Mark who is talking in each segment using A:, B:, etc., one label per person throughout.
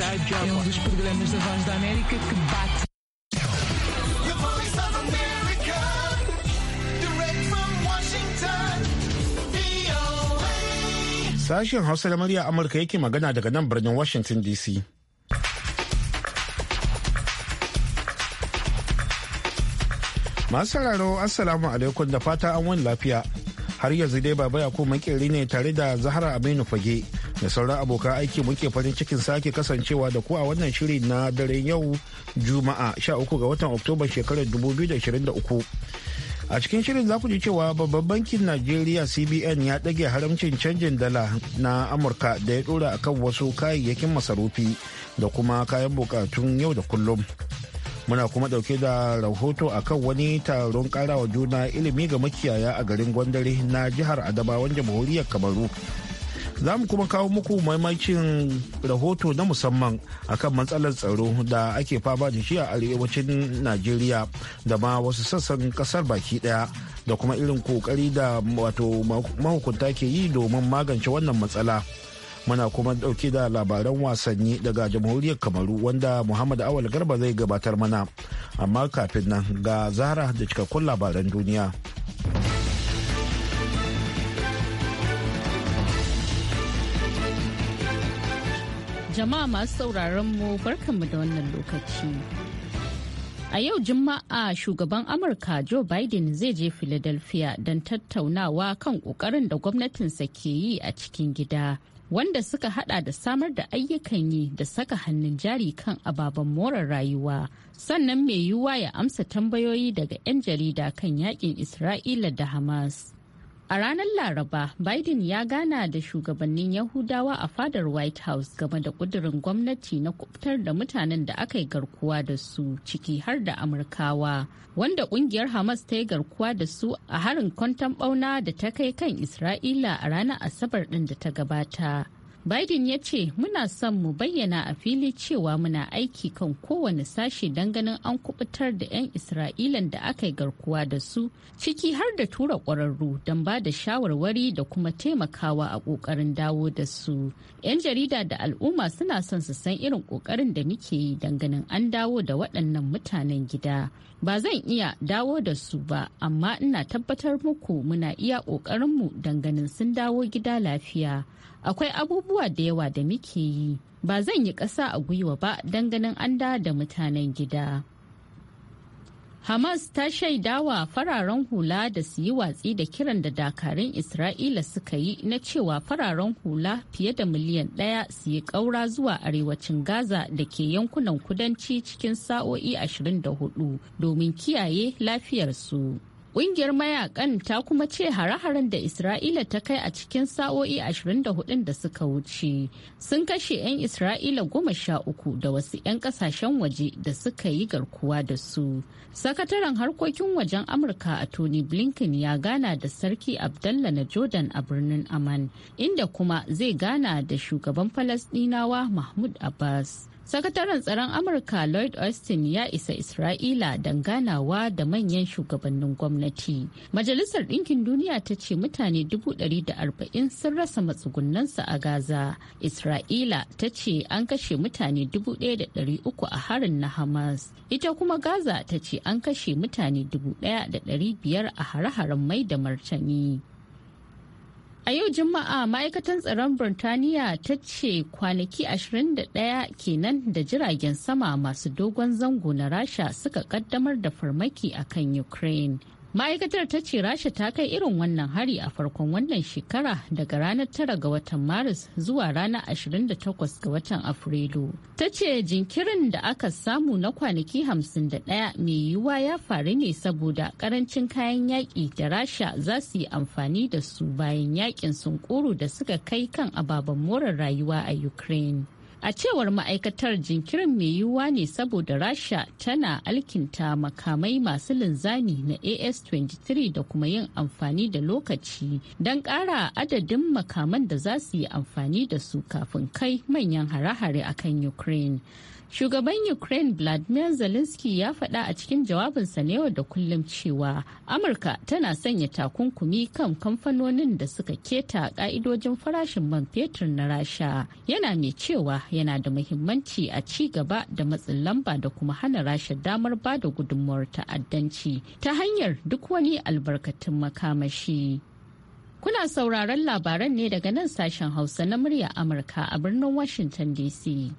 A: Um Sashen
B: Hausa da murya Amurka yake magana daga nan birnin Washington DC. Masu sauraro Assalamu alaikum da fata an wani lafiya. Har yanzu dai babaya ko makeri ne tare da Zahara Aminu Fage da sauran abokan aiki muke farin cikin sake kasancewa da ku a wannan shiri na daren yau juma'a 13 ga watan oktoba shekarar 2023 a cikin shirin za ku ji cewa babban bankin najeriya cbn ya ɗage haramcin canjin dala na amurka da ya ɗora akan wasu kayayyakin masarufi da kuma kayan bukatun yau da kullum muna kuma ɗauke da rahoto akan wani taron karawa juna ilimi ga makiyaya a garin gwandare na jihar adabawan jamhuriyar kamaru za mu kuma kawo muku maimakin rahoto na musamman akan matsalar tsaro da ake fama da shi a arewacin najeriya da ma wasu sassan kasar baki daya da kuma irin kokari da wato mahukunta ke yi domin magance wannan matsala muna kuma dauke da labaran wasanni daga jamhuriyar kamaru wanda muhammad awal garba zai gabatar mana amma kafin nan ga zara da cikakkun labaran duniya
C: Jama'a masu sauraron mu barkanmu da wannan lokaci. A yau Juma'a shugaban Amurka Joe Biden zai je Philadelphia don tattaunawa kan ƙoƙarin da gwamnatinsa ke yi a cikin gida wanda suka hada da samar da ayyukan yi da saka hannun jari kan ababen more rayuwa sannan mai yiwuwa ya amsa tambayoyi daga 'yan jarida kan yakin isra'ila da hamas A ranar Laraba, Biden ya gana da shugabannin Yahudawa a fadar White House game da kudirin gwamnati na kubtar da mutanen da aka yi garkuwa da su ciki har da Amurkawa, wanda kungiyar Hamas ta yi garkuwa da su a harin kwantan bauna da ta kai kan Isra'ila a ranar Asabar ɗin da ta gabata. Biden ya ce muna son mu bayyana a fili cewa muna aiki kan kowane sashe don ganin an kubutar da 'yan Isra'ilan da aka yi garkuwa da su ciki har da tura ƙwararru don ba da shawarwari da kuma taimakawa a ƙoƙarin dawo da su. 'Yan jarida da al'umma suna son su san irin ƙoƙarin da muke yi don ganin an dawo da waɗannan mutanen gida. Ba zan iya dawo da su ba, amma ina tabbatar muku muna iya ƙoƙarinmu don ganin sun dawo gida lafiya. akwai abubuwa da yawa da muke yi ba zan yi ƙasa a gwiwa ba don ganin an da da mutanen gida hamas ta shaidawa fararen hula da su yi watsi da kiran da dakarun isra'ila suka yi na cewa fararen hula fiye da miliyan ɗaya su yi ƙaura zuwa arewacin gaza da ke yankunan kudanci cikin sa'o'i 24 domin kiyaye lafiyarsu. Ƙungiyar mayakan ta kuma ce hare-haren da Isra'ila ta kai a cikin sa'o'i 24 da suka wuce sun kashe 'yan Isra'ila goma sha uku da wasu 'yan ƙasashen waje da suka yi garkuwa da su. Sakataren harkokin wajen Amurka a Tony Blinken ya gana da Sarki Abdallah na Jordan a birnin Aman, inda kuma zai gana da shugaban Falasdinawa Mahmud Abbas. sakataren tsaron amurka lloyd austin ya isa isra'ila don ganawa da manyan shugabannin gwamnati majalisar ɗinkin duniya ta ce mutane 140 sun rasa matsugunansu a gaza isra'ila ta ce an kashe mutane 1,300 a harin na hamas ita kuma gaza ta ce an kashe mutane 1,500 a hare-haren mai da martani A yau Juma'a ma'aikatan tsaron Burtaniya ta ce kwanaki 21 kenan da jiragen sama masu dogon zango na Rasha suka kaddamar da farmaki akan Ukraine ma'aikatar ta ce rasha ta kai irin wannan hari a farkon wannan shekara daga ranar 9 ga watan maris zuwa ranar 28 ga watan afrilu ta ce jinkirin da aka samu na kwanaki 51 mai yiwuwa ya faru ne saboda karancin kayan yaƙi da rasha za su yi amfani da su bayan yaƙin sunkuru da suka kai kan ababen more rayuwa a ukraine a cewar ma'aikatar jinkirin mai yiwuwa ne saboda rasha tana alkinta makamai masu linzami na as-23 da kuma yin amfani da lokaci don ƙara adadin makaman da za su yi amfani da su kafin kai manyan hare-hare akan ukraine Shugaban Ukraine Vladimir Zelensky ya faɗa a cikin jawabinsa na yau da kullum cewa Amurka tana sanya takunkumi kan kamfanonin da suka keta ƙa'idojin farashin man fetur na Rasha. Yana mai cewa yana da muhimmanci a ci gaba da matsin lamba da kuma hana Rasha damar ba da gudunmuwar ta'addanci ta hanyar duk wani albarkatun makamashi. Kuna sauraron labaran ne daga nan sashen Hausa na murya Amurka a birnin Washington DC.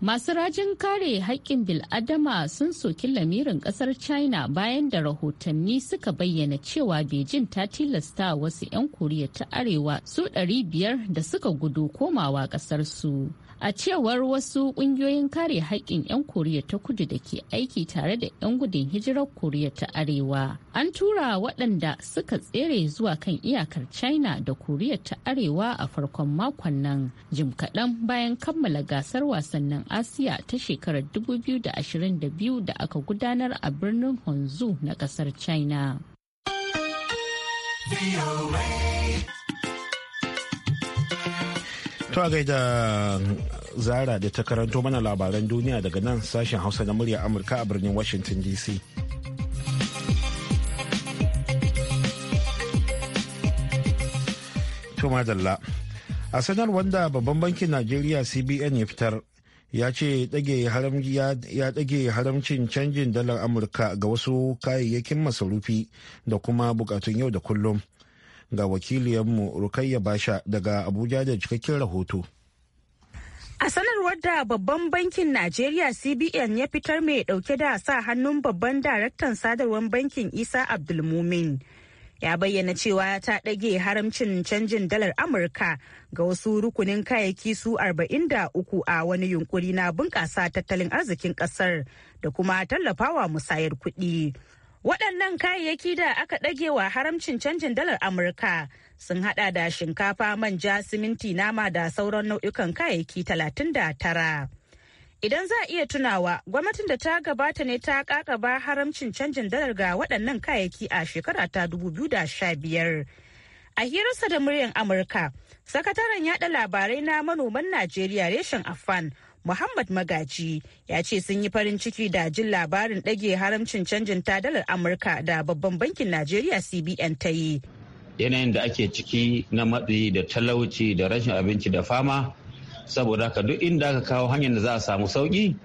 C: Masu rajin kare haƙƙin bil'adama sun soki lamirin ƙasar China bayan da rahotanni suka bayyana cewa Beijing ta tilasta wasu 'yan Koriya ta Arewa su 500 da suka gudu komawa ƙasarsu. su. A cewar wasu kungiyoyin kare haƙƙin 'yan Koriya ta kudu da ke aiki tare da 'yan gudun hijirar Koriya ta Arewa, an tura waɗanda suka tsere zuwa kan iyakar China da Koriya ta Arewa a farkon makon nan, jim kaɗan bayan kammala gasar wasannin Asiya ta shekarar 2022 da aka gudanar a birnin Honzu na ƙasar China.
B: To a gaida zara da ta karanto mana labaran duniya daga nan sashen hausa na murya Amurka a birnin Washington DC. To madalla. A sanar wanda babban bankin Najeriya CBN ya fitar ya ce ya ɗage haramcin canjin dalar Amurka ga wasu kayayyakin masarufi da kuma bukatun yau da kullum. ga wakiliyanmu Rukayya Basha daga Abuja da cikakken rahoto.
A: A sanarwar da babban bankin Najeriya CBN ya fitar mai dauke da sa hannun babban daraktan sadarwar bankin Isa Abdulmumin. Ya bayyana cewa ta ɗage haramcin canjin dalar Amurka ga wasu rukunin kayayyaki su 43 a wani yunkuri na bunƙasa tattalin arzikin ƙasar da kuma tallafawa musayar kuɗi. Waɗannan kayayyaki da aka ɗagewa haramcin canjin dalar Amurka sun haɗa da shinkafa, manja, siminti, nama da sauran nau'ikan kayayyaki talatin da tara. Idan za a iya tunawa, gwamnatin da ta gabata ne ta ƙaƙaba haramcin canjin dalar ga waɗannan kayayyaki a shekara ta 2015. A hirarsa da muryar Amurka, sakataren yaɗa labarai na manoman Najeriya reshen Afan Muhammad Magaji ya ce sun yi farin ciki da jin labarin ɗage haramcin canjin tadalar Amurka da babban bankin Najeriya CBN ta yi.
D: Yanayin da ake ciki
B: na matsi da talauci da rashin abinci da fama saboda haka duk inda aka kawo hanyar da za a samu sauki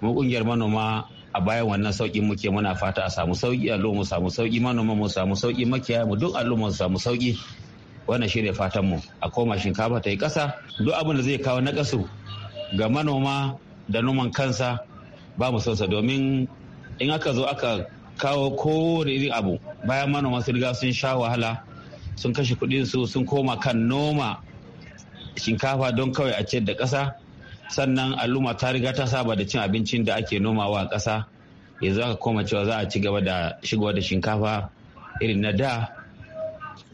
B: mu kungiyar manoma a bayan wannan sauki muke muna fata a samu sauki allo mu samu sauki manoma mu samu sauki makiyaya mu duk al'umma mu samu sauki wannan shi ne fatanmu a koma shinkafa ta yi ƙasa duk abin da zai kawo na ƙasu ga manoma da noman kansa ba mu sonsa domin in aka zo aka kawo kowane irin abu bayan manoma sun riga sun sha wahala sun kashe kuɗin su sun koma kan noma shinkafa don kawai a ciyar da ƙasa sannan al'umma ta riga ta saba da cin abincin da ake nomawa a ƙasa yanzu aka koma cewa za a ci gaba da shigowa da shinkafa irin na da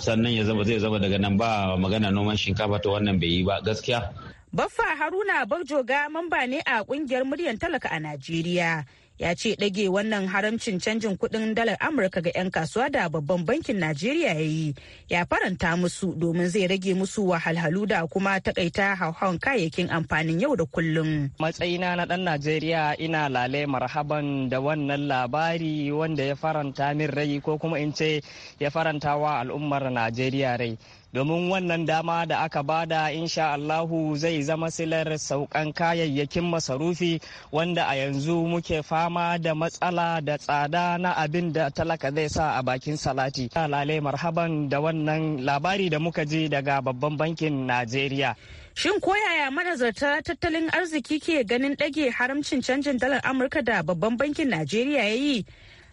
B: sannan ya zama zai zama daga nan ba magana noman shinkafa ta wannan bai yi ba gaskiya
A: Baffa Haruna Bagjoga mamba ne a kungiyar muryar talaka a Najeriya. Ya ce ɗage wannan haramcin canjin kuɗin dalar Amurka ga 'yan kasuwa da babban bankin Najeriya ya yi ya faranta musu domin zai rage musu wahalhalu da kuma takaita hauhawan kayayyakin amfanin yau da kullum.
E: Matsayina na ɗan Najeriya ina lale marhaban da wannan labari wanda ya faranta min rai ko kuma in ce ya faranta wa al'ummar Najeriya rai. domin wannan dama da aka bada insha Allahu zai zama silar saukan kayayyakin masarufi wanda a yanzu muke fama da matsala da tsada na abin da talaka zai sa a bakin salati. Lale marhaban da wannan labari da muka ji daga babban bankin Najeriya.
A: Shin koyaya manazarta tattalin arziki ke ganin ɗage haramcin canjin dalar Amurka da babban bankin Najeriya ya yi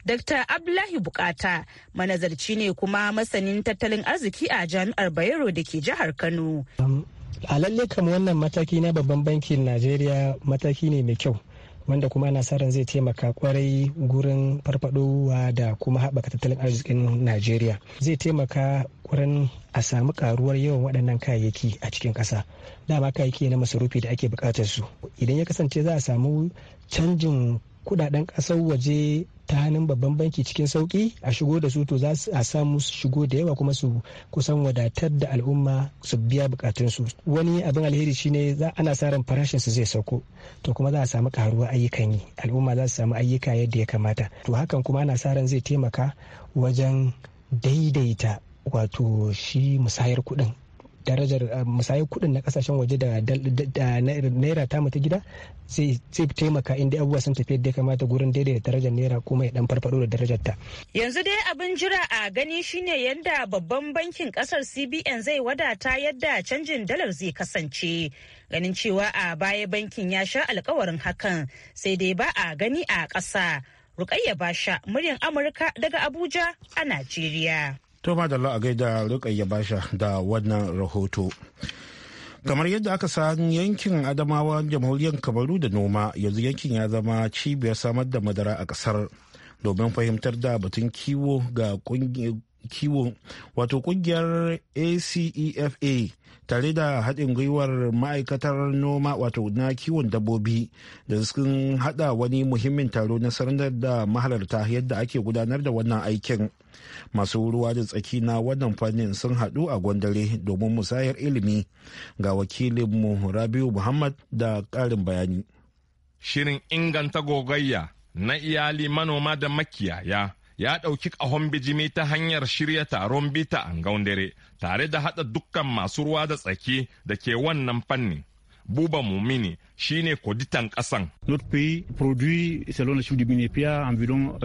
A: Dr. Abdullahi Bukata manazarci ne kuma masanin tattalin arziki a jami'ar Bayero da ke jihar Kano. Um,
E: a lalle kam wannan mataki na babban bankin Najeriya mataki ne mai kyau. wanda kuma ana sa zai taimaka kwarai gurin farfadowa da kuma haɓaka tattalin arzikin najeriya zai taimaka wurin a samu karuwar yawan waɗannan kayayyaki a cikin ƙasa dama kayayyaki na masarufi da ake buƙatar su idan ya kasance za a samu canjin kudaden ƙasar waje ta hannun babban banki cikin sauki a shigo da su to za a samu su shigo da yawa kuma su kusan wadatar da al'umma su biya bukatunsu wani abin alheri shine za ana sa ran farashin su zai sauko to kuma za a samu karuwa ayyukan yi al'umma za su samu ayyuka yadda ya kamata to hakan kuma ana sa ran zai taimaka wajen daidaita wato shi musayar kuɗin darajar ah, musayar kuɗin na kasashen waje da naira ta ta gida zai taimaka inda abubuwa sun tafi yadda ya kamata gurin da darajar naira kuma ya dan farfado da darajar ta.
A: Yanzu dai abin jira a gani shine yadda babban bankin kasar CBN zai wadata yadda canjin dalar zai kasance. Ganin cewa a baya bankin ya sha alkawarin hakan sai dai ba a gani a ƙasa. Rukayya Basha, muryar Amurka daga Abuja a Najeriya.
B: To da a gaida rukayya basha da wannan rahoto. kamar yadda aka san yankin adamawa jamhuriyar kabaru da noma yanzu yankin ya zama cibiyar samar da madara a kasar domin fahimtar da batun kiwo ga kiwo wato kungiyar ACEFA e tare da haɗin gwiwar ma'aikatar noma wato na kiwon dabbobi da sun haɗa wani muhimmin taro na sanar da mahalarta yadda ake gudanar da wannan aikin masu ruwa da tsaki na wannan fannin sun haɗu a gwandare domin musayar ilimi ga wakilinmu rabiu muhammad da ƙarin bayani
F: shirin inganta gogayya na iyali manoma da makiyaya ya ɗauki ƙahon bijimi ta hanyar shirya taron bita a gaundare tare da haɗa dukkan masu ruwa da tsaki da ke wannan fannin Buba Mumini shine koditan kasan.
B: Notre pays produit selon le chiffre du BNPA environ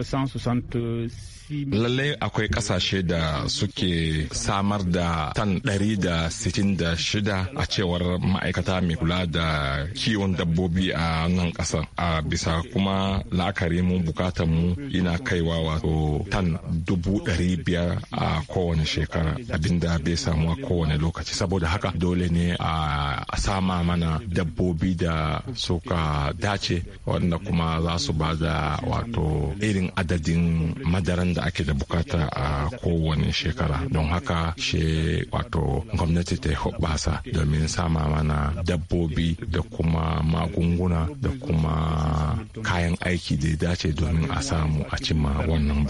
F: Lalle akwai kasashe da suke samar da tan 166 a cewar ma'aikata mai kula da kiwon dabbobi a nan kasar. A bisa kuma la'akari mun bukatar mu ina kaiwa wato tan 500 a kowane shekara abinda bai samuwa kowane lokaci saboda haka dole ne a sama mana dabbobi da suka dace wanda kuma za su ba da wato irin adadin madaran da ake da bukata a kowane shekara don haka she wato gwamnati ta hubasa domin sama mana dabbobi da kuma magunguna da kuma kayan aiki da ya dace domin a samu a cimma wannan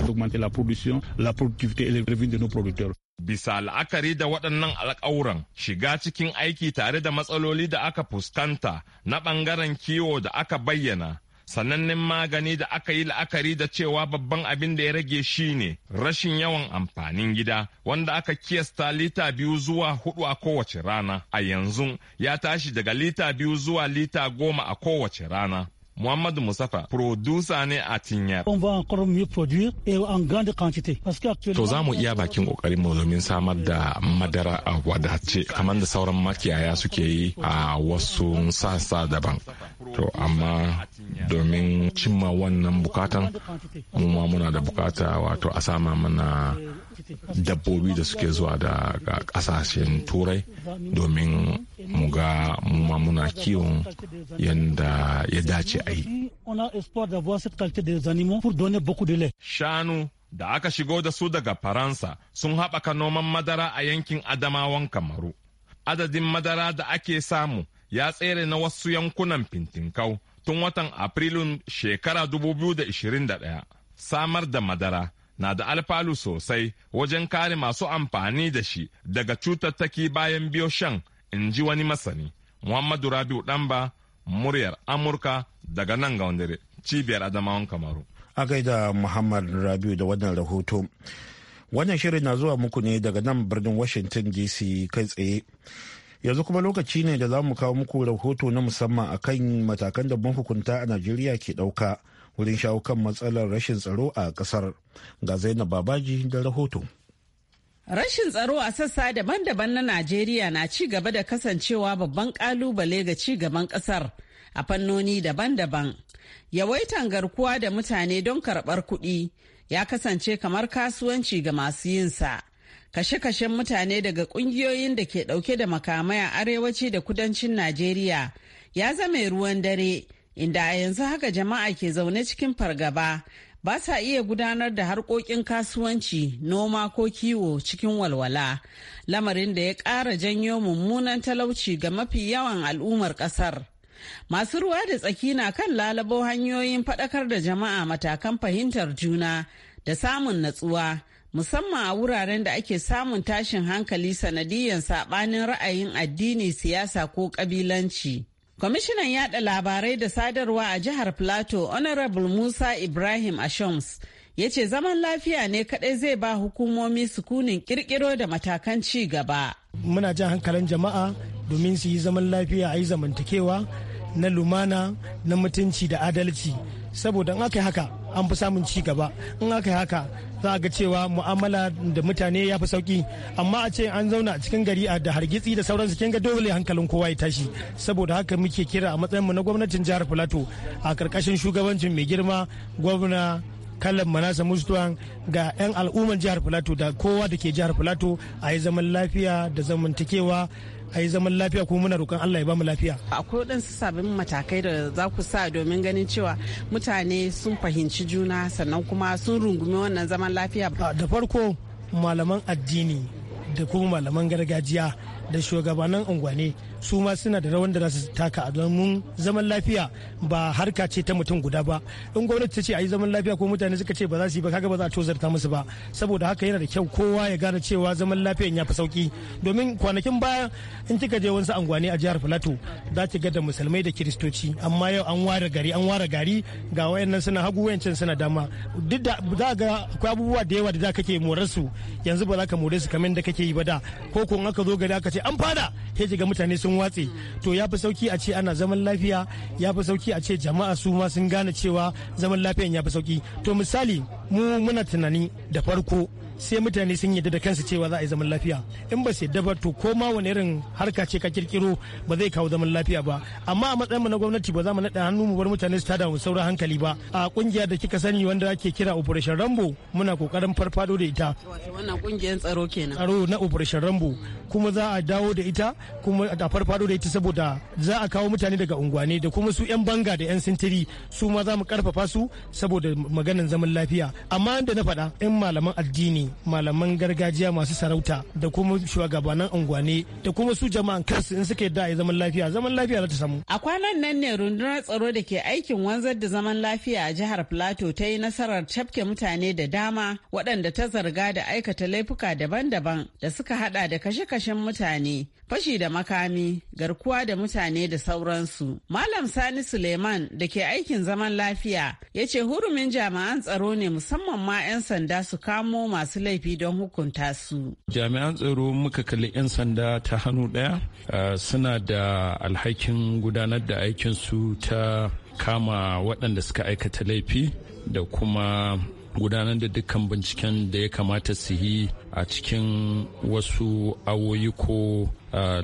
F: Bisa la'akari da waɗannan alƙawuran shiga cikin aiki tare da matsaloli da aka fuskanta na ɓangaren kiwo da aka bayyana, sanannen magani da aka yi la'akari da cewa babban abin da ya rage shi ne rashin yawan amfanin gida wanda aka kiyasta lita biyu zuwa hudu a kowace rana a yanzu ya tashi daga lita biyu zuwa lita goma a kowace rana. Muhammadu Musafa, producer ne a Tinyar. To za mu iya bakin kokarin mu domin samar da madara a wadace kamar da sauran makiyaya suke yi a wasu sassa daban. To amma domin cimma wannan bukatan mu ma muna da bukata wato a sama mana dabbobi da suke zuwa da kasashen turai domin mu ga ma muna kiwon yadda ya dace a
G: yi shanu
F: da aka shigo da su daga faransa sun haɓaka noman madara a yankin adamawan kamaru adadin madara da ake samu ya tsere na wasu yankunan fintinkau tun watan afrilun shekara 2021 samar da madara na da alfalu sosai wajen kare masu amfani da shi daga cutattaki bayan biyo shan in ji wani masani. Muhammadu Rabiu Ɗanba, muryar Amurka daga nan ga wandare, cibiyar Adamawan Kamaru.
B: A gaida Muhammad Rabiu da wannan rahoto. Wannan shirin na zuwa muku ne daga nan birnin Washington DC kai tsaye. yanzu kuma lokaci ne da za mu kawo muku rahoto na musamman akan matakan da mahukunta a najeriya ke ɗauka wurin shawo kan matsalar rashin tsaro a kasar ga zainab babaji da rahoto
H: Rashin tsaro a sassa daban-daban na Najeriya na ci gaba da kasancewa babban kalubale ga ci gaban kasar a fannoni daban-daban. Yawaitan garkuwa da mutane don karɓar kuɗi ya kasance kamar kasuwanci ga masu yinsa. Kashe-kashen mutane daga ƙungiyoyin da ke ɗauke da makamai a arewaci da kudancin Najeriya ya zama ruwan dare. inda a yanzu haka jama'a ke zaune cikin fargaba ba sa iya gudanar da harkokin kasuwanci noma ko kiwo cikin walwala lamarin da ya ƙara janyo mummunan talauci ga mafi yawan al'ummar ƙasar masu ruwa da tsaki na kan lalabo hanyoyin faɗakar da jama'a matakan fahimtar juna da samun natsuwa musamman a wuraren da ake samun tashin hankali sanadiyyar saɓanin ra'ayin addini siyasa ko ƙabilanci. Kwamishinan yada labarai da sadarwa a jihar Plateau, Honorable Musa Ibrahim Ashams, ya ce zaman lafiya ne kadai zai ba hukumomi sukunin kirkiro da matakan ci gaba. Muna
G: jan hankalin jama'a domin su yi zaman lafiya a yi zamantakewa na lumana na mutunci da adalci. Saboda in aka haka an fi samun ci gaba in aka yi haka za a ga cewa mu'amala da mutane ya fi sauki amma a ce an zauna a cikin gari a da hargitsi da sauransu kin ga dole hankalin kowa ya tashi saboda haka muke kira a matsayin mu na gwamnatin jihar Filato a karkashin shugabancin mai girma gwamna kallon manasa mustuwan ga 'yan al'umman jihar Filato da kowa da ke jihar Filato a yi zaman lafiya da zamantakewa a zaman lafiya kuma muna roƙon Allah ya ba mu lafiya.
H: Akwai waɗansu sabbin matakai da za ku sa domin ganin cewa mutane sun fahimci juna sannan kuma sun rungumi wannan zaman lafiya. Da farko malaman addini da kuma malaman gargajiya
G: da shugabannin unguwanni su ma suna da rawan da za su taka a domin zaman lafiya ba harka ce ta mutum guda ba in gwamnati ta ce a yi zaman lafiya ko mutane suka ce ba za su yi ba kaga ba za a tozarta musu ba saboda haka yana da kyau kowa ya gane cewa zaman lafiyan ya fi sauki domin kwanakin baya in kika je wasu angwani a jihar filato za ki ga da musulmai da kiristoci amma yau an ware gari an ware gari ga wayannan suna hagu wayancin suna dama duk da za ga akwai abubuwa da yawa da za kake morar su yanzu ba za ka more su kamar da kake yi ba da ko kun aka zo gari aka ce an fada sai ga mutane su. sun watse to ya fi sauki a ce ana zaman lafiya ya fi sauki a ce jama'a su ma sun gane cewa zaman lafiyan ya fi sauki to misali mu muna tunani da farko sai mutane sun yadda da kansu cewa za a yi zaman lafiya in ba su yadda ba to ko ma wani irin harka ce ka kirkiro ba zai kawo zaman lafiya ba amma a matsayin mu na gwamnati ba za mu naɗa hannu mu bar mutane su tada mu saura hankali ba a kungiya da kika sani wanda ake kira operation rambo muna kokarin farfado da ita wannan kungiyar tsaro kenan tsaro na operation rambo kuma za a dawo da ita kuma a farfado da ita saboda za a kawo mutane daga unguwane da kuma su 'yan banga da 'yan sintiri su ma za mu karfafa su saboda maganan zaman lafiya amma da na faɗa in malaman addini malaman gargajiya masu sarauta da kuma shugabannin unguwane da kuma su jama'an kansu in suke da zaman lafiya zaman lafiya za ta samu.
H: A kwanan nan ne rundunar tsaro da ke aikin wanzar da zaman lafiya a jihar plato ta yi nasarar cafke mutane da dama waɗanda ta zarga da aikata laifuka daban-daban da suka hada da kashe-kashen mutane, fashi da makami, garkuwa da mutane da sauransu. Malam Sani Suleiman da ke aikin zaman lafiya ya ce hurumin jama'an tsaro ne musamman ma 'yan sanda su kamo masu masu laifi don hukunta su.
I: Jami'an tsaro muka kalli 'yan sanda ta hannu ɗaya suna da alhakin gudanar da aikinsu ta kama waɗanda suka aikata laifi da kuma gudanar da dukkan binciken da ya kamata su yi a cikin wasu awoyi ko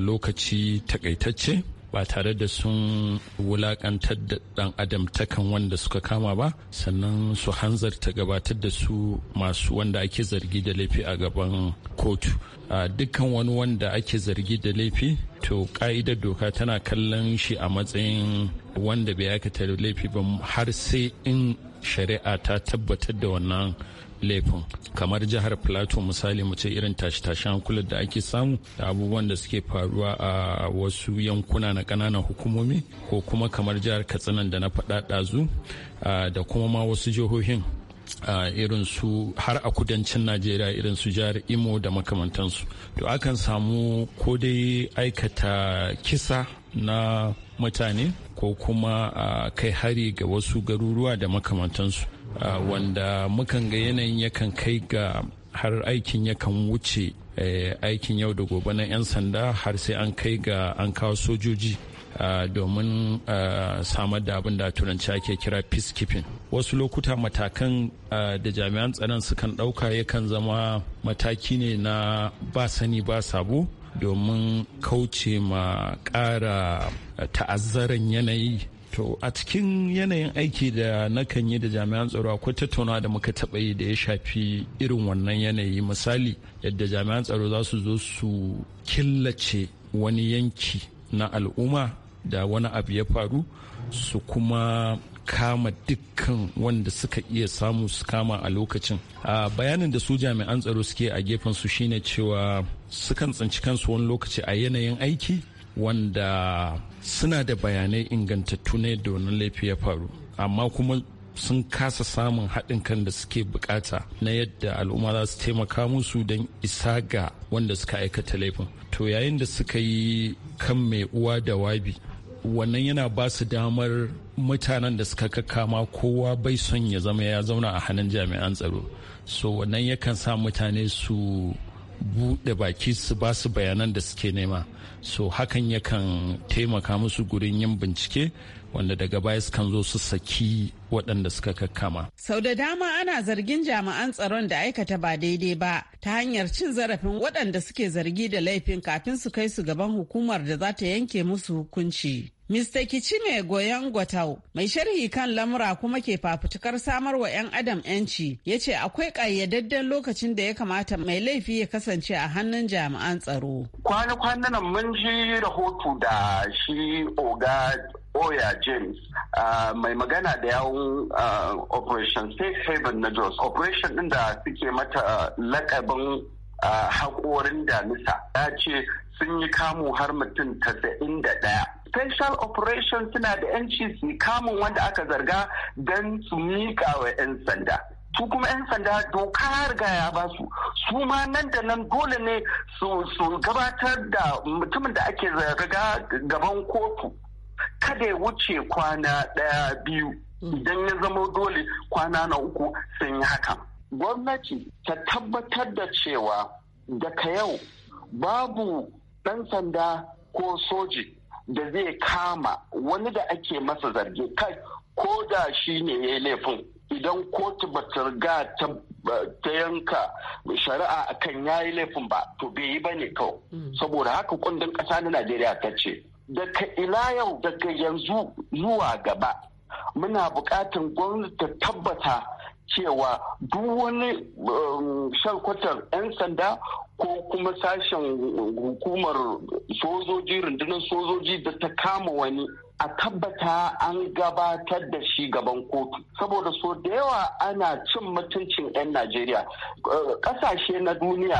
I: lokaci takaitacce. ba tare da sun wulakantar da dan adam takan wanda suka kama ba sannan su hanzarta gabatar da su masu wanda ake zargi da laifi a gaban kotu a dukkan wani wanda ake zargi da laifi to ka'idar doka tana kallon shi a matsayin wanda bai aikata laifi ba har sai in shari'a ta tabbatar da wannan laifin kamar jihar plateau misali mu ce irin tashe-tashen hankulan da ake samu da abubuwan da suke faruwa a wasu yankuna na kananan hukumomi ko kuma kamar jihar katsinan da na faɗa ɗazu da kuma ma wasu jihohin Uh, irin su har a kudancin najeriya irin su jihar imo da makamantansu to akan samu ko dai aikata kisa na mutane ko kuma uh, kai hari ga wasu garuruwa da makamantansu Ah, wanda mukan ga yanayin yakan kai ga har aikin yakan wuce eh, aikin yau da gobe na 'yan sanda har sai an kai ga an kawo sojoji ah, domin ah, samar da abin da turanci ake kira peacekeeping wasu lokuta matakan da jami'an tsaron sukan ɗauka yakan zama mataki ne na ba sani ba sabo domin kauce ma ƙara ta'azzaran yanayi To a cikin yanayin aiki da nakan yi da jami'an tsaro akwai tattaunawa da muka taɓa yi da ya shafi irin wannan yanayi misali yadda jami'an tsaro za su zo su killace wani yanki na al'umma da wani abu ya faru su kuma kama dukkan wanda suka iya samu su kama a lokacin a bayanin da su jami'an tsaro suke a gefen su shine cewa sukan tsinci kansu wani lokaci a yanayin aiki wanda suna da bayanai ingantattu ne da wani laifi ya faru amma kuma sun kasa samun haɗin kan da suke bukata na yadda al'umma za su taimaka musu don isa ga wanda suka aikata laifin to yayin da suka yi kan mai uwa da wabi wannan yana ba su damar mutanen da suka kakama kowa bai son ya zama ya zauna a hannun jami'an tsaro so wannan yakan sa mutane su buɗe baki su ba su bayanan da suke nema so hakan yakan taimaka musu gurin yin bincike wanda daga baya sukan zo su saki waɗanda suka kakkama.
H: sau da dama ana zargin jami'an tsaron da aikata ba daidai ba ta hanyar cin zarafin waɗanda suke zargi da laifin kafin su kai su gaban hukumar da za ta yanke musu hukunci Mr. Kichime Goyon mai sharhi kan lamura kuma ke fafutukar samar wa 'yan adam 'yanci, ya ce akwai ƙayyadadden lokacin da ya kamata mai laifi ya kasance a hannun jami'an tsaro. Kwana-kwanan
D: nan mun ji rahoto da shi Oga Oya James, uh, mai magana da yawun uh, Operation Safe Haven na Jos, Operation ɗin da suke mata lakabin uh, haƙorin damisa, ya ce sun yi kamu har mutum 91. special operation suna da yanci su kamun wanda aka zarga don su miƙa wa 'yan sanda su kuma 'yan sanda doka ya riga ya ba su su ma nan da nan dole ne su gabatar da mutumin da ake zarga gaban kotu kada ya wuce kwana ɗaya biyu idan ya zama dole kwana na uku sun yi haka gwamnati ta tabbatar da cewa daga yau babu ɗan sanda ko soji da zai kama wani da ake masa zargi kai ko da shi ne ya yi laifin idan kotu ba ta riga ta yanka shari'a akan ya yi laifin ba to bai yi ba ne kawai hmm. saboda haka kundin ƙasa na najeriya ta ce daga ila yau daga yanzu zuwa gaba muna buƙatar gwamnati ta tabbata cewa duk wani um, shalkwatar 'yan sanda ko kuma sashen hukumar sojoji rundunar sojoji da ta kama wani a tabbata an gabatar da shi gaban kotu saboda so da yawa ana cin mutuncin 'yan najeriya eh, ƙasashe na duniya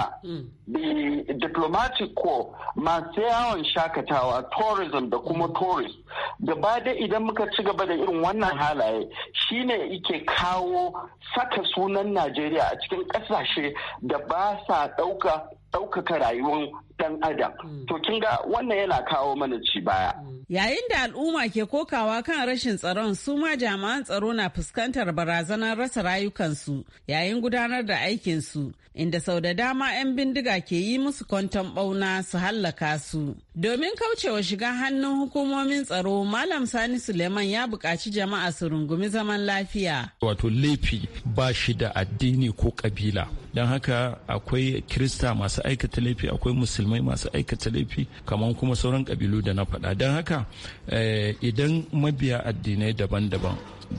D: da mm. diplomatic corps masu yawon shakatawa tourism da kuma mm. tourist gaba da idan muka ci gaba da irin wannan halaye shine ike kawo saka sunan najeriya a cikin ƙasashe da ba sa ɗaukaka rayuwar ɗan adam mm. to kinga wannan yana kawo mana ci baya.
H: Yayin da al'umma ke kokawa kan rashin tsaron su ma jami'an tsaro na fuskantar barazanar rasa rayukansu yayin gudanar da aikinsu inda sau da dama 'yan bindiga ke yi musu kwanton bauna su hallaka su. Domin kaucewa shiga hannun hukumomin tsaro Malam Sani Suleiman ya buƙaci jama'a su rungumi zaman lafiya.
I: Wato laifi ba shi da addini ko ƙabila. don haka akwai kirista masu aikata laifi akwai musulmai masu aikata laifi kamar kuma sauran kabilu da na faɗa don haka eh, idan mabiya addinai daban-daban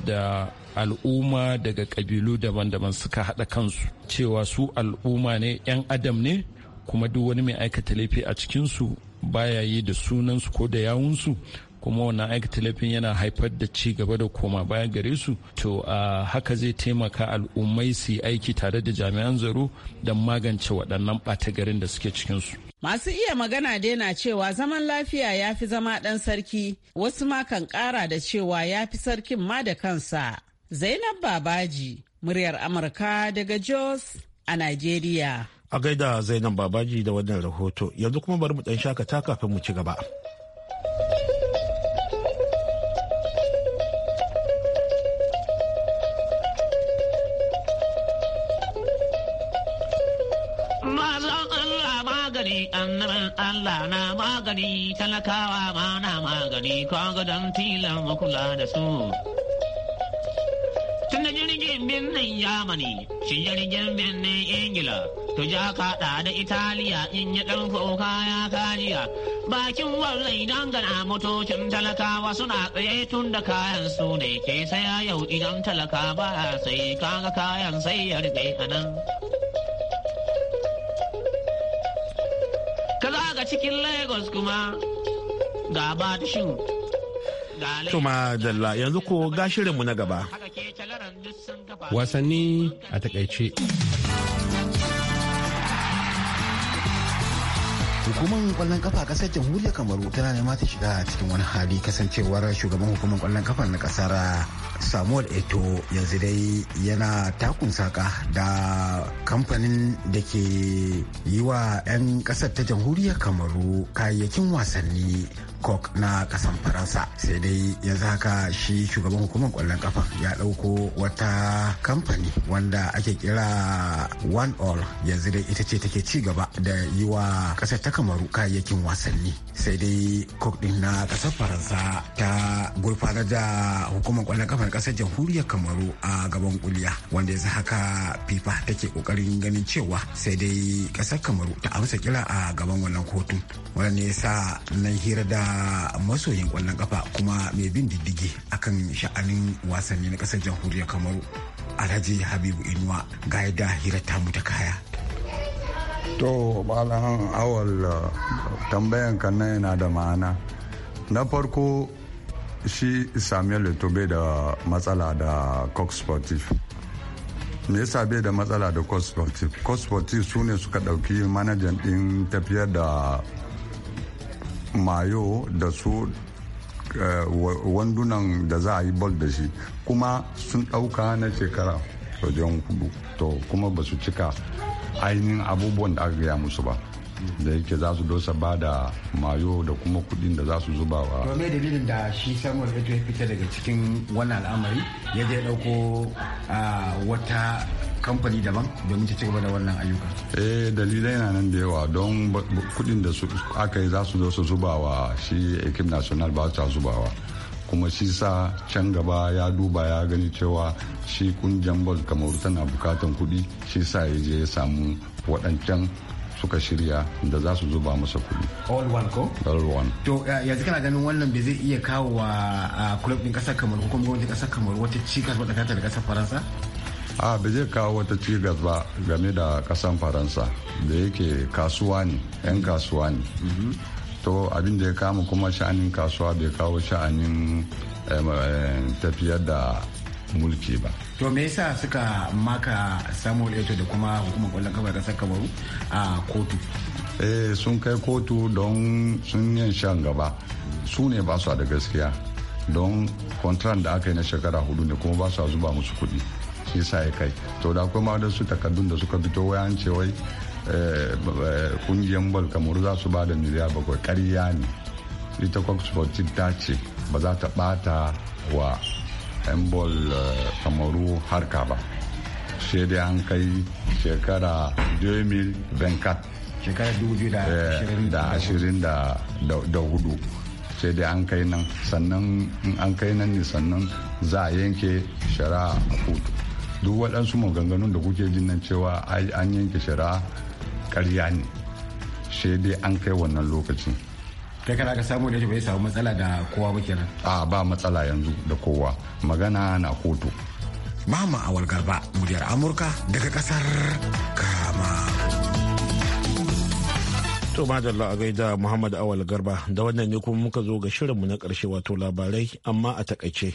I: da al'umma daga kabilu daban-daban suka haɗa kansu cewa su al'umma ne 'yan adam ne kuma duk wani mai aikata laifi a cikinsu baya yi da sunansu ko da yawunsu kuma wannan aikata laifin yana haifar da ci gaba da koma baya gare su to a haka zai taimaka al'ummai su yi aiki tare da jami'an tsaro don magance waɗannan ɓata garin da suke cikin su
H: Masu iya magana dai na cewa zaman lafiya ya fi zama ɗan sarki, wasu ma kan ƙara da cewa ya fi sarkin ma da kansa. Zainab Babaji, muryar Amurka daga Jos a nigeria.
B: A gaida Zainab Babaji da wannan rahoto, yanzu kuma bari mu ɗan shakata kafin mu ci gaba.
A: magani annabin Allah na magani talakawa ma na magani kaga don tilan makula da su. Tun da jirgin birnin Yamani, shi jirgin birnin Ingila, to ja kaɗa da Italiya in yi ɗan kuka ya kariya, Bakin wallo idan gana motocin talakawa suna tsaye tun da kayan su ne ke saya yau idan talaka ba sai kaga kayan sai ya rufe a
H: cikin Lagos kuma ga Batshin.
B: Tuma Dalla yanzu ko ga na gaba.
J: Wasanni a takaice.
K: hukumar kwallon kafa kasar jamhuriyar kamaru tana nema ta shiga cikin wani hali kasancewar shugaban hukumar kwallon kafa na kasar samuel eto yanzu dai yana takun saka da kamfanin da ke yi wa 'yan kasar ta jamhuriyar kamaru kayayyakin wasanni cok na kasan faransa sai dai yanzu haka shi shugaban hukumar kwallon kafa ya dauko wata kamfani wanda ake kira one all yanzu dai ita ce take ci gaba da yi wa kasar ta kamaru kayayyakin wasanni sai dai kok din na kasar faransa ta gurfanar da hukumar kwallon kafa na kasar jamhuriyar kamaru a gaban kuliya wanda yanzu haka fifa take kokarin ganin cewa sai dai kasar kamaru ta amsa kira a gaban wannan kotun wanda ne yasa nan hira da masoyin kwallon kafa kuma mai bin diddigi akan sha'anin wasanni na kasar jamhuriyar kamaru alhaji habibu inuwa ga yadda hira
J: ta mu ta kaya to malam awal tambayan kan yana da ma'ana na farko shi samuel etobe da matsala da cox sportive me yasa bai da matsala da cox sportive cox sportive su ne suka dauki manajan din tafiyar da mayo da su eh, wandunan da za a yi bol da shi kuma sun dauka na shekara wajen kudu to kuma ba su cika ainihin abubuwan da aka gaya musu ba da yake za su dosa ba da mayo da kuma kuɗin da za su zuba wa. To
K: me dalilin da shi Samuel Eto ya fita daga cikin wannan al'amari ya je ɗauko wata kamfani daban domin ta ci gaba da wannan ayyuka.
J: Eh dalilai na nan da yawa don kuɗin da aka yi za su zo su zuba wa shi ekip national ba ta zubawa. kuma shi sa can gaba ya duba ya gani cewa shi kun jambal kamaru tana bukatan kuɗi shi sa ya je ya samu waɗancan suka shirya da za su zuba masa kuɗi. all one ko? all one.
K: to yanzu kana ganin wannan bai zai iya kawo wa club din kasar kamar ko kuma gwamnatin kasar Kamaru wata cikas wadda ta da kasar faransa?
J: a bai zai kawo wata cikas ba game da kasar faransa da yake kasuwa ne 'yan kasuwa ne mm-hmm. to abin da ya kama kuma sha'anin kasuwa bai kawo sha'anin tafiyar da mulki ba
K: to me yasa suka maka samuel eto da kuma
J: hukumar kwallon kafa kasar a kotu eh sun kai kotu don sun yin shan gaba su ne ba su da gaskiya don kontran da aka yi na shekara hudu ne kuma ba su zuba musu kuɗi shi sa ya kai to da kuma da su takaddun da suka fito wai an ce wai kungiyar eh, bal kamaru za su ba da miliyan bakwai karya ne ita kwakwasport ta ce ba za ta bata wa 'yan bol eh, kamaru harka ba shi an kai shekara 2024 shekara 2024 eh, sai dai an kai nan sannan in an kai nan ne sannan za a yanke shari'a a kotu duk waɗansu maganganun da kuke jin nan cewa an yanke shari'a ƙarya ne sai dai an kai wannan lokacin
K: kai kana ka samu da bai samu matsala da kowa ba kenan
J: a ba matsala yanzu da kowa magana na kotu
K: mama awal garba muryar amurka daga kasar kama
B: to madalla a gaida muhammad awal garba da wannan ne kuma muka zo ga shirinmu na karshe wato labarai amma a takaice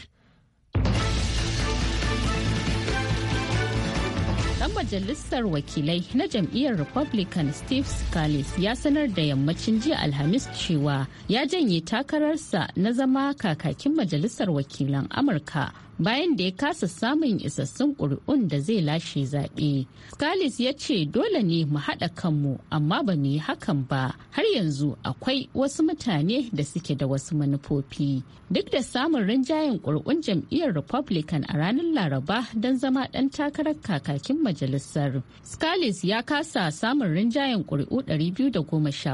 C: dan majalisar wakilai na jam'iyyar republican steve scalise ya sanar da yammacin jiya alhamis cewa ya janye takararsa na zama kakakin majalisar wakilan amurka bayan da ya kasa samun isassun ƙuri'un da zai lashe zaɓe. Scalise ya ce dole ne mu haɗa kanmu amma ba mu yi hakan ba har yanzu akwai wasu mutane da suke da wasu manufofi. Duk da samun rinjayen ƙuri'un jam'iyyar Republican a ranar Laraba don zama ɗan takarar kakakin majalisar. Scalise ya kasa samun rinjayen ƙuri'u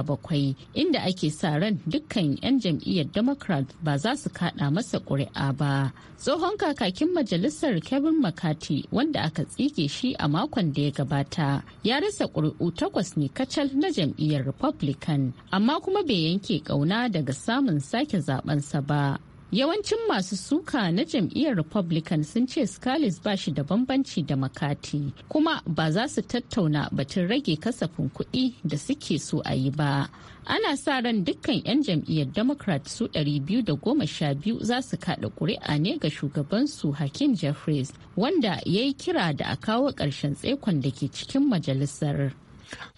C: bakwai inda ake sa ran dukkan 'yan jam'iyyar Democrat ba za su kaɗa masa ƙuri'a ba. Tsohon kakakin majalisar Kevin McCarthy wanda aka tsike shi a makon da ya gabata ya rasa ƙuri'u takwas ne kacal na jam'iyyar Republican amma kuma bai yanke ƙauna daga samun sake sa ba. Yawancin masu suka na jam'iyyar Republican sun ce scalis ba shi da bambanci da makati kuma ba za su tattauna batun rage kasafin kuɗi da suke so a yi ba. Ana sa ran dukkan 'yan jam'iyyar Democrat su 212 za su kaɗa ƙuri'a ne ga shugabansu Hakim Jeffries wanda ya yi kira da a kawo ƙarshen tsaikon da ke cikin majalisar.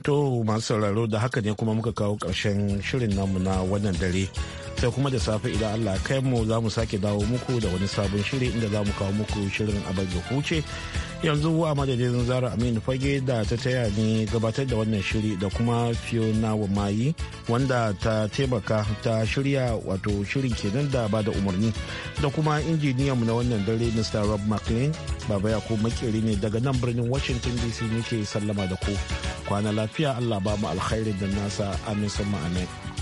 B: To masu sauraro da haka ne kuma muka kawo ƙarshen shirin namu na wannan dare sai kuma da safe idan Allah kai mu za mu sake dawo muku da wani sabon shiri inda za mu kawo muku shirin abar da huce yanzu a madadin zara aminu fage da ta taya ni gabatar da wannan shiri da kuma fiona wa wanda ta taimaka ta shirya wato shirin kenan da ba da umarni da kuma injiniyanmu na wannan dare mr rob mclean baba ya ko makeri ne daga nan birnin washington dc muke sallama da ku kwana lafiya allah ba mu alkhairin da nasa amin sun ma'anai